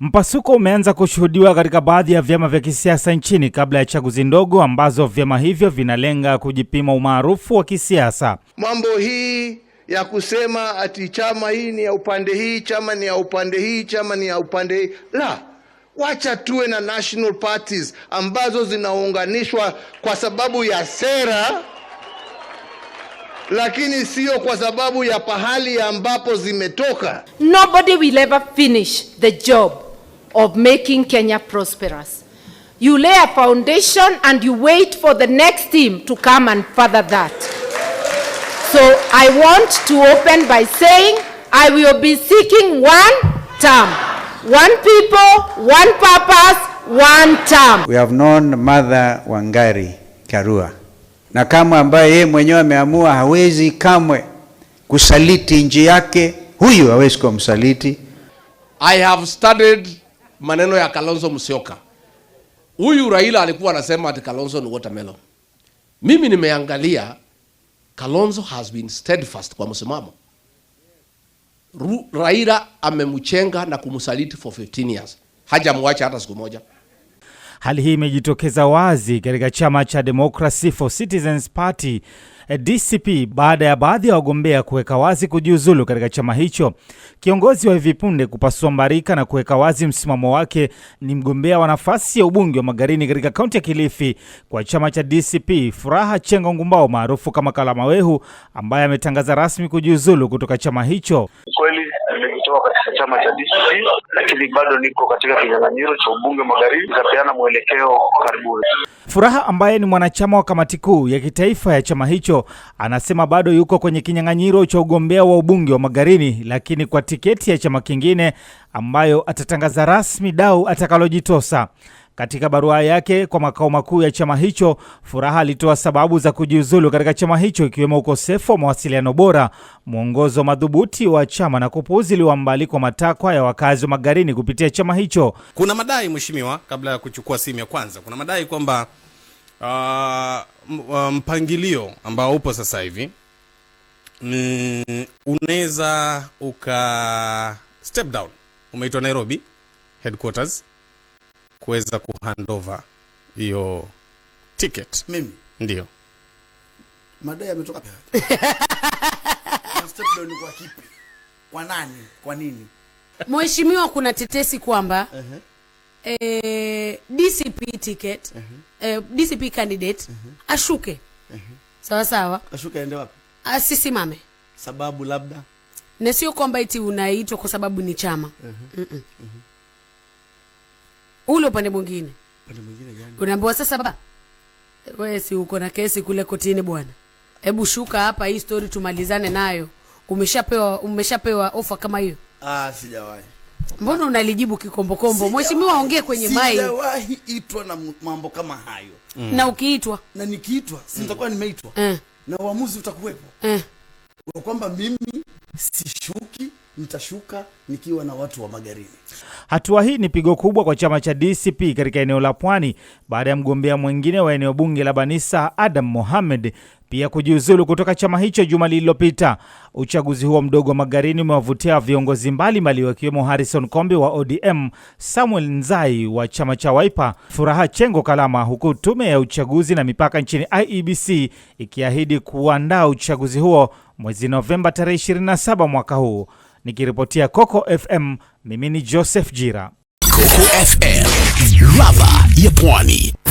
Mpasuko umeanza kushuhudiwa katika baadhi ya vyama vya kisiasa nchini kabla ya chaguzi ndogo ambazo vyama hivyo vinalenga kujipima umaarufu wa kisiasa. Mambo hii ya kusema ati chama hii ni ya upande hii, chama ni ya upande hii, chama ni ya upande hii, la, wacha tuwe na national parties ambazo zinaunganishwa kwa sababu ya sera, lakini sio kwa sababu ya pahali ambapo zimetoka. Nobody will ever finish the job of making Kenya prosperous. You lay a foundation and you wait for the next team to come and further that. So I want to open by saying I will be seeking one term. One people, one purpose, one term. We have known Mother Wangari Karua. Na kama ambaye yeye mwenyewe ameamua hawezi kamwe kusaliti nchi yake, huyu hawezi kuwa msaliti. I have studied maneno ya Kalonzo Musyoka. Huyu Raila alikuwa anasema ati Kalonzo ni watermelon. Mimi nimeangalia Kalonzo has been steadfast kwa msimamo. Raila amemchenga na kumsaliti for 15 years. Hajamwacha hata siku moja. Hali hii imejitokeza wazi katika chama cha Democracy for Citizens Party DCP baada ya baadhi ya wagombea kuweka wazi kujiuzulu katika chama hicho. Kiongozi wa hivi punde kupasua mbarika na kuweka wazi msimamo wake ni mgombea wa nafasi ya ubunge wa Magarini katika kaunti ya Kilifi kwa chama cha DCP, Furaha Chengo Ngumbao maarufu kama Kalamawehu, ambaye ametangaza rasmi kujiuzulu kutoka chama hicho. Kweli cha chama cha DCP, lakini bado niko katika kinyang'anyiro cha ubunge magharibi, itapeana mwelekeo karibuni. Furaha ambaye ni mwanachama wa kamati kuu ya kitaifa ya chama hicho anasema bado yuko kwenye kinyang'anyiro cha ugombea wa ubunge wa Magarini, lakini kwa tiketi ya chama kingine ambayo atatangaza rasmi dau atakalojitosa. Katika barua yake kwa makao makuu ya chama hicho, Furaha alitoa sababu za kujiuzulu katika chama hicho ikiwemo ukosefu wa mawasiliano bora, mwongozo madhubuti wa chama na kupuuziliwa mbali kwa matakwa ya wakazi wa Magarini kupitia chama hicho. Kuna madai mheshimiwa, kabla ya kuchukua simu ya kwanza, kuna madai kwamba uh, mpangilio ambao upo sasa hivi ni unaweza uka step down. Umeitwa Nairobi headquarters kuweza kuhandova hiyo ticket. Mimi ndio madai yametoka kwa kipi? Kwa nani? Kwa nini? Mheshimiwa, kuna tetesi kwamba uh -huh. E, DCP ticket uh -huh. E, DCP candidate uh -huh. ashuke uh -huh. sawa sawa, ashuke aende wapi? Ah, asisimame sababu labda, na sio kwamba eti unaitwa kwa sababu ni chama uh -huh. mm -mm. Uh -huh ule upande mwingine. Upande mwingine gani? Unaambiwa sasa, baba wewe, si uko na kesi kule kotini bwana, hebu shuka hapa, hii story tumalizane nayo. Umeshapewa umeshapewa ofa kama hiyo? Ah, sijawahi. Mbona unalijibu kikombokombo? Mheshimiwa, ongee kwenye mic. Sijawahi itwa na mambo kama hayo. Mm. Na ukiitwa na nikiitwa, si nitakuwa mm. nimeitwa eh. na uamuzi utakuwepo mm. kwamba mimi sishuki nitashuka nikiwa na watu wa Magarini. Hatua hii ni pigo kubwa kwa chama cha DCP katika eneo la Pwani baada ya mgombea mwingine wa eneo bunge la Banisa Adam Mohamed pia kujiuzulu kutoka chama hicho juma lililopita. Uchaguzi huo mdogo wa Magarini umewavutia viongozi mbalimbali wakiwemo Harrison Kombe wa ODM, Samuel Nzai wa chama cha waipa Furaha Chengo Kalama, huku tume ya uchaguzi na mipaka nchini IEBC ikiahidi kuandaa uchaguzi huo mwezi Novemba tarehe 27 mwaka huu nikiripotia Coco FM, mimi ni Joseph Jira, Coco FM, ladha ya Pwani.